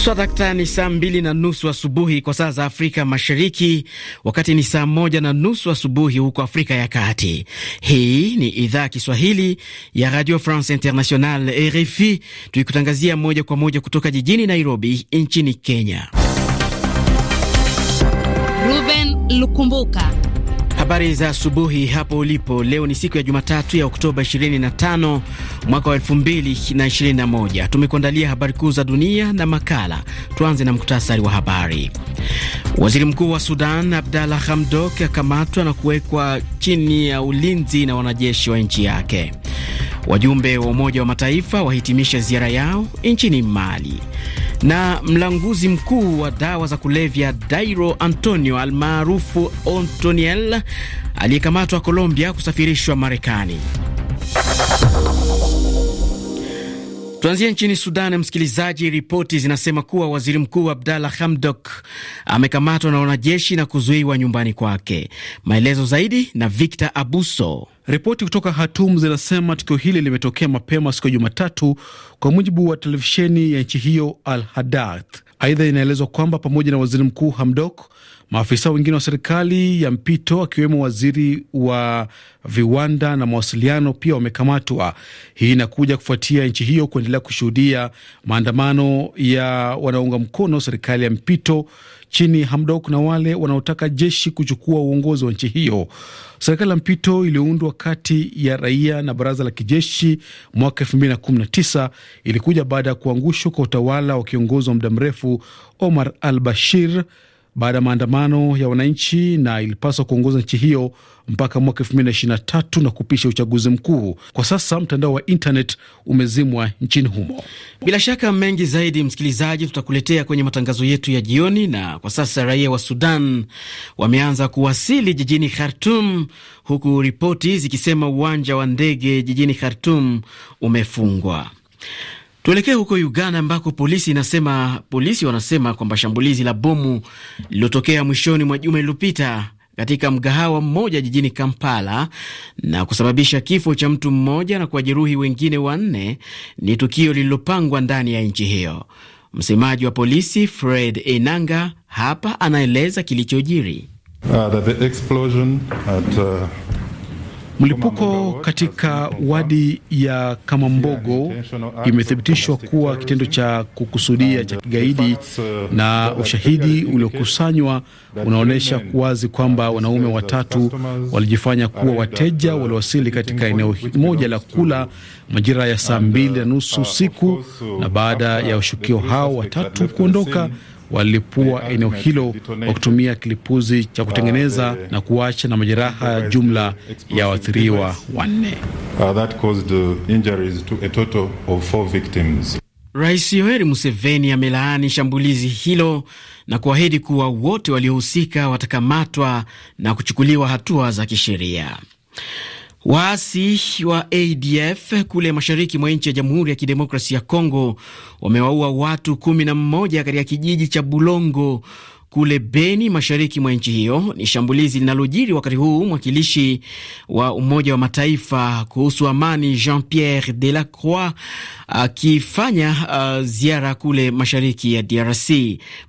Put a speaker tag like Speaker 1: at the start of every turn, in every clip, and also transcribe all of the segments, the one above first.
Speaker 1: Swadakta ni saa mbili na nusu asubuhi kwa saa za Afrika Mashariki, wakati ni saa moja na nusu asubuhi huko Afrika ya Kati. Hii ni idhaa Kiswahili ya Radio France International, RFI, tukikutangazia moja kwa moja kutoka jijini Nairobi nchini Kenya.
Speaker 2: Ruben Lukumbuka
Speaker 1: Habari za asubuhi hapo ulipo. Leo ni siku ya Jumatatu ya Oktoba 25 mwaka wa 2021. Tumekuandalia habari kuu za dunia na makala. Tuanze na muktasari wa habari. Waziri Mkuu wa Sudan Abdalla Hamdok akamatwa na kuwekwa chini ya ulinzi na wanajeshi wa nchi yake. Wajumbe wa Umoja wa Mataifa wahitimisha ziara yao nchini Mali. Na mlanguzi mkuu wa dawa za kulevya Dairo Antonio almaarufu Antoniel aliyekamatwa Colombia kusafirishwa Marekani. Tuanzie nchini Sudan, msikilizaji. Ripoti zinasema kuwa waziri mkuu Abdalla Hamdok amekamatwa na wanajeshi na kuzuiwa nyumbani kwake. Maelezo
Speaker 3: zaidi na Victor Abuso. Ripoti kutoka Hatum zinasema tukio hili limetokea mapema siku ya Jumatatu, kwa mujibu wa televisheni ya nchi hiyo Al Hadath. Aidha, inaelezwa kwamba pamoja na waziri mkuu Hamdok Maafisa wengine wa serikali ya mpito akiwemo waziri wa viwanda na mawasiliano pia wamekamatwa. Hii inakuja kufuatia nchi hiyo kuendelea kushuhudia maandamano ya wanaounga mkono serikali ya mpito chini Hamdok na wale wanaotaka jeshi kuchukua uongozi wa nchi hiyo. Serikali ya mpito iliyoundwa kati ya raia na baraza la kijeshi mwaka tisa ilikuja baada ya kuangushwa kwa utawala wa kiongozi wa muda mrefu Omar al Bashir baada ya maandamano ya wananchi na ilipaswa kuongoza nchi hiyo mpaka mwaka 2023 na kupisha uchaguzi mkuu. Kwa sasa mtandao wa internet umezimwa nchini humo. Bila shaka mengi zaidi, msikilizaji, tutakuletea kwenye matangazo
Speaker 1: yetu ya jioni. Na kwa sasa raia wa Sudan wameanza kuwasili jijini Khartum, huku ripoti zikisema uwanja wa ndege jijini Khartum umefungwa. Tuelekee huko Uganda ambako polisi inasema polisi wanasema kwamba shambulizi la bomu lililotokea mwishoni mwa juma iliyopita katika mgahawa mmoja jijini Kampala na kusababisha kifo cha mtu mmoja na kuwajeruhi wengine wanne ni tukio lililopangwa ndani ya nchi hiyo. Msemaji wa polisi Fred Enanga hapa anaeleza kilichojiri.
Speaker 4: Uh,
Speaker 3: Mlipuko katika wadi ya Kamambogo imethibitishwa kuwa kitendo cha kukusudia cha kigaidi, uh, na ushahidi uliokusanywa unaonyesha wazi kwamba wanaume watatu walijifanya kuwa wateja uh, waliowasili katika eneo moja la kula majira ya saa mbili na uh, nusu usiku, na baada ya washukio hao watatu kuondoka walilipua eneo hilo kwa kutumia kilipuzi cha kutengeneza ah, na kuacha na majeraha ya jumla ya waathiriwa wanne.
Speaker 4: Uh, uh,
Speaker 1: Rais Yoweri Museveni amelaani shambulizi hilo na kuahidi kuwa wote waliohusika watakamatwa na kuchukuliwa hatua za kisheria. Waasi wa ADF kule mashariki mwa nchi ya Jamhuri ya kidemokrasi ya Kongo wamewaua watu kumi na mmoja katika kijiji cha Bulongo kule Beni, mashariki mwa nchi hiyo. Ni shambulizi linalojiri wakati huu mwakilishi wa Umoja wa Mataifa kuhusu amani Jean Pierre Delacroix akifanya uh, ziara kule mashariki ya DRC.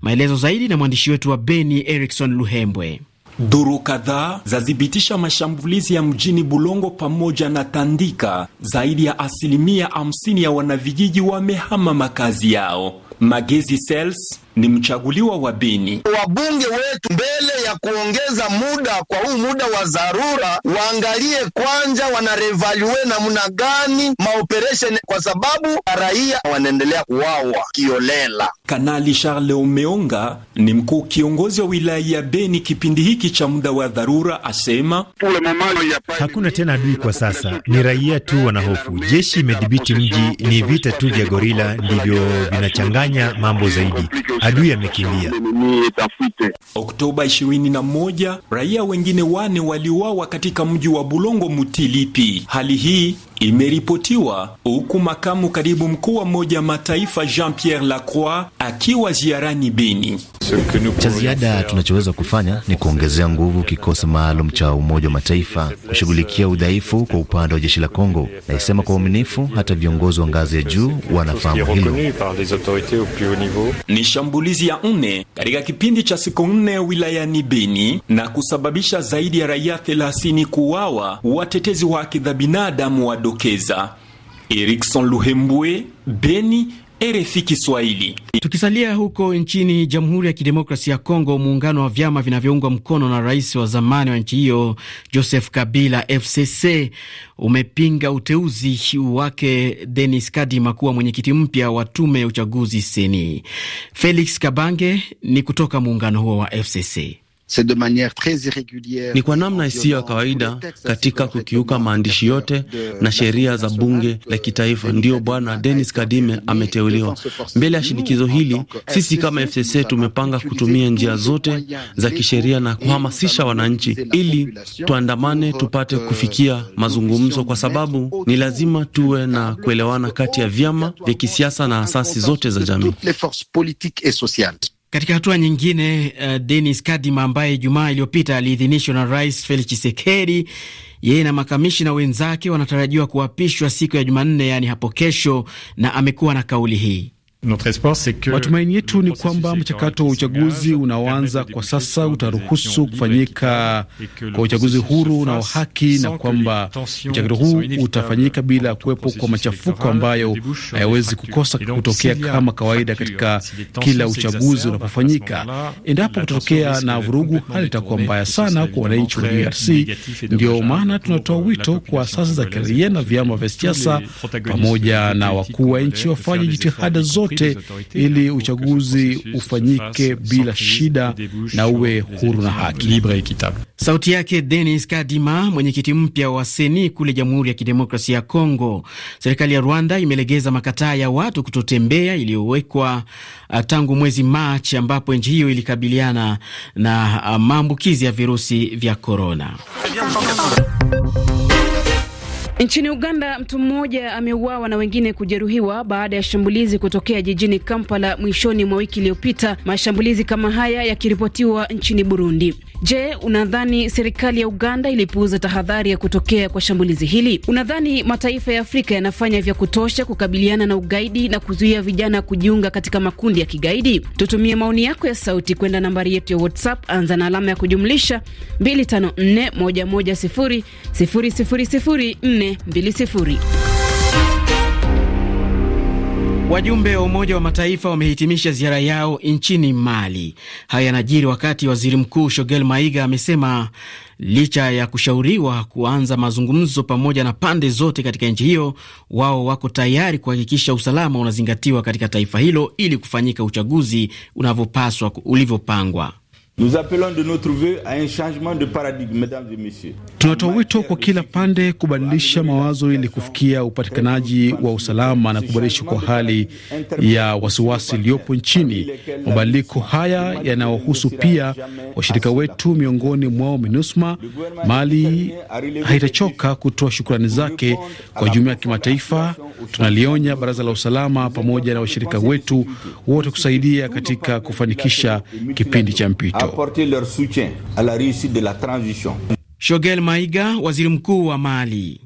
Speaker 4: Maelezo zaidi na mwandishi wetu wa Beni, Erikson Luhembwe. Duru kadhaa zathibitisha mashambulizi ya mjini Bulongo pamoja na Tandika. Zaidi ya asilimia 50 ya wanavijiji wamehama makazi yao. Magezi Sales ni mchaguliwa wa Beni. Wabunge wetu mbele ya kuongeza muda kwa huu muda wa dharura, waangalie kwanja wanarevalue namna gani maoperesheni, kwa sababu raia wanaendelea kuwawa kiolela. Kanali Charles Omeonga ni mkuu kiongozi wa wilaya ya Beni kipindi hiki cha muda wa dharura, asema hakuna tena adui kwa sasa, ni raia tu wanahofu. Jeshi imedhibiti mji, ni vita tu vya gorila ndivyo vinachanganya mambo zaidi adui amekimbia. Oktoba 21 raia wengine wane waliuawa katika mji wa Bulongo Mutilipi. Hali hii imeripotiwa huku makamu katibu mkuu wa Umoja wa Mataifa Jean Pierre Lacroix akiwa ziarani Beni. Cha ziada tunachoweza kufanya
Speaker 2: ni kuongezea nguvu kikosi maalum cha Umoja wa Mataifa kushughulikia udhaifu kwa upande wa jeshi la Kongo. Naisema kwa uaminifu, hata viongozi wa ngazi ya juu wanafahamu hilo.
Speaker 4: Ni shambulizi ya nne katika kipindi cha siku nne wilayani Beni na kusababisha zaidi ya raia 30 kuuawa, watetezi wa haki za binadamu wa Lukeza, Erikson Luhembwe, Beni, RFI Kiswahili. Tukisalia huko nchini
Speaker 1: Jamhuri ya Kidemokrasia ya Kongo, muungano wa vyama vinavyoungwa mkono na rais wa zamani wa nchi hiyo Joseph Kabila, FCC, umepinga uteuzi wake Denis Kadima kuwa mwenyekiti mpya wa tume ya uchaguzi seni. Felix Kabange ni kutoka muungano huo wa FCC. Ni kwa namna isiyo ya kawaida katika kukiuka maandishi yote na sheria za bunge la kitaifa. Ndiyo Bwana Denis Kadime ameteuliwa. Mbele ya shinikizo hili, sisi kama FCC tumepanga kutumia njia zote za kisheria na kuhamasisha wananchi ili tuandamane, tupate euh, kufikia mazungumzo, kwa sababu ni lazima tuwe na kuelewana kati ya vyama vya kisiasa na asasi zote za jamii. Katika hatua nyingine, uh, eh, Denis Kadima ambaye Jumaa iliyopita aliidhinishwa na Rais Felix Tshisekedi, yeye na makamishina wenzake wanatarajiwa kuapishwa siku ya Jumanne, yaani hapo
Speaker 3: kesho, na amekuwa na kauli hii. Matumaini yetu ni kwamba mchakato wa uchaguzi unaoanza kwa sasa utaruhusu kufanyika kwa uchaguzi huru na wa haki na kwamba mchakato huu utafanyika bila ya kuwepo kwa machafuko ambayo hayawezi kukosa kutokea kama kawaida katika kila uchaguzi
Speaker 4: unapofanyika. Endapo kutatokea na
Speaker 3: vurugu, hali itakuwa mbaya sana kwa wananchi wa DRC. Ndio maana tunatoa wito kwa asasi za kiraia na vyama vya siasa pamoja na wakuu wa nchi wafanye jitihada zote zote ili uchaguzi ufanyike bila shida na uwe huru na haki. Sauti yake Denis
Speaker 1: Kadima, mwenyekiti mpya wa Seni kule Jamhuri ya Kidemokrasia ya Kongo. Serikali ya Rwanda imelegeza makataa ya watu kutotembea iliyowekwa uh, tangu mwezi Machi, ambapo nchi hiyo ilikabiliana na uh, maambukizi ya virusi vya korona.
Speaker 2: Nchini Uganda, mtu mmoja ameuawa na wengine kujeruhiwa baada ya shambulizi kutokea jijini Kampala mwishoni mwa wiki iliyopita, mashambulizi kama haya yakiripotiwa nchini Burundi. Je, unadhani serikali ya Uganda ilipuuza tahadhari ya kutokea kwa shambulizi hili? Unadhani mataifa ya Afrika yanafanya vya kutosha kukabiliana na ugaidi na kuzuia vijana kujiunga katika makundi ya kigaidi? Tutumie maoni yako ya sauti kwenda nambari yetu ya WhatsApp, anza na alama ya kujumlisha 2541100004
Speaker 1: Wajumbe wa Umoja wa Mataifa wamehitimisha ziara yao nchini Mali. Haya yanajiri wakati waziri mkuu Shogel Maiga amesema licha ya kushauriwa kuanza mazungumzo pamoja na pande zote katika nchi hiyo, wao wako tayari kuhakikisha usalama unazingatiwa katika taifa hilo ili kufanyika uchaguzi unavyopaswa
Speaker 3: ulivyopangwa.
Speaker 4: Nous appelons de notre vœu à un changement de paradigme, mesdames et messieurs.
Speaker 3: Tunatoa wito kwa kila pande kubadilisha mawazo ili kufikia upatikanaji wa usalama na kuboresha kwa hali ya wasiwasi iliyopo nchini. Mabadiliko haya yanawahusu pia washirika wetu, miongoni mwao MINUSMA. Mali haitachoka kutoa shukrani zake kwa jumuiya ya kimataifa. Tunalionya baraza la usalama pamoja na washirika wetu wote kusaidia katika kufanikisha kipindi cha mpito
Speaker 4: apporter leur soutien à la réussite de la transition.
Speaker 1: Shogel Maiga, waziri mkuu wa Mali.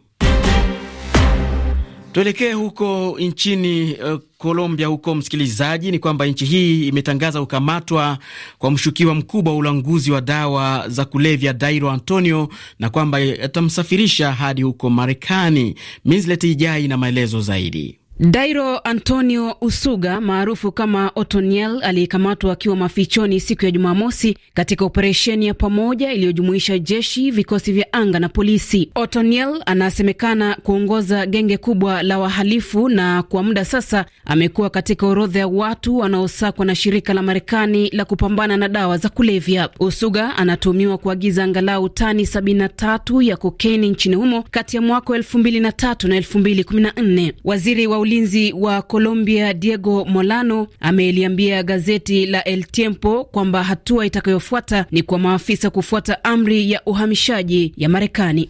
Speaker 1: Tuelekee huko nchini uh, Colombia. Huko msikilizaji, ni kwamba nchi hii imetangaza kukamatwa kwa mshukiwa mkubwa wa ulanguzi wa dawa za kulevya Dairo Antonio, na kwamba atamsafirisha hadi huko Marekani. Mislet Ijai na maelezo zaidi.
Speaker 2: Dairo Antonio Usuga maarufu kama Otoniel aliyekamatwa akiwa mafichoni siku ya Jumamosi katika operesheni ya pamoja iliyojumuisha jeshi, vikosi vya anga na polisi. Otoniel anasemekana kuongoza genge kubwa la wahalifu na kwa muda sasa amekuwa katika orodha ya watu wanaosakwa na shirika la Marekani la kupambana na dawa za kulevya. Usuga anatuhumiwa kuagiza angalau tani 73 ya kokeni nchini humo kati ya mwaka 2003 na 2014. Waziri wa ulinzi wa Colombia Diego Molano ameliambia gazeti la El Tiempo kwamba hatua itakayofuata ni kwa maafisa kufuata amri ya uhamishaji ya Marekani.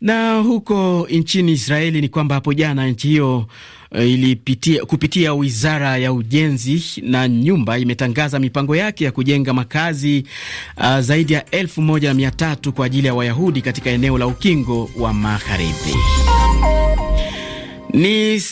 Speaker 1: Na huko nchini Israeli ni kwamba hapo jana nchi hiyo eh, ilipitia kupitia wizara ya ujenzi na nyumba imetangaza mipango yake ya kujenga makazi uh, zaidi ya elfu moja na mia tatu kwa ajili ya Wayahudi katika eneo la ukingo wa magharibi ni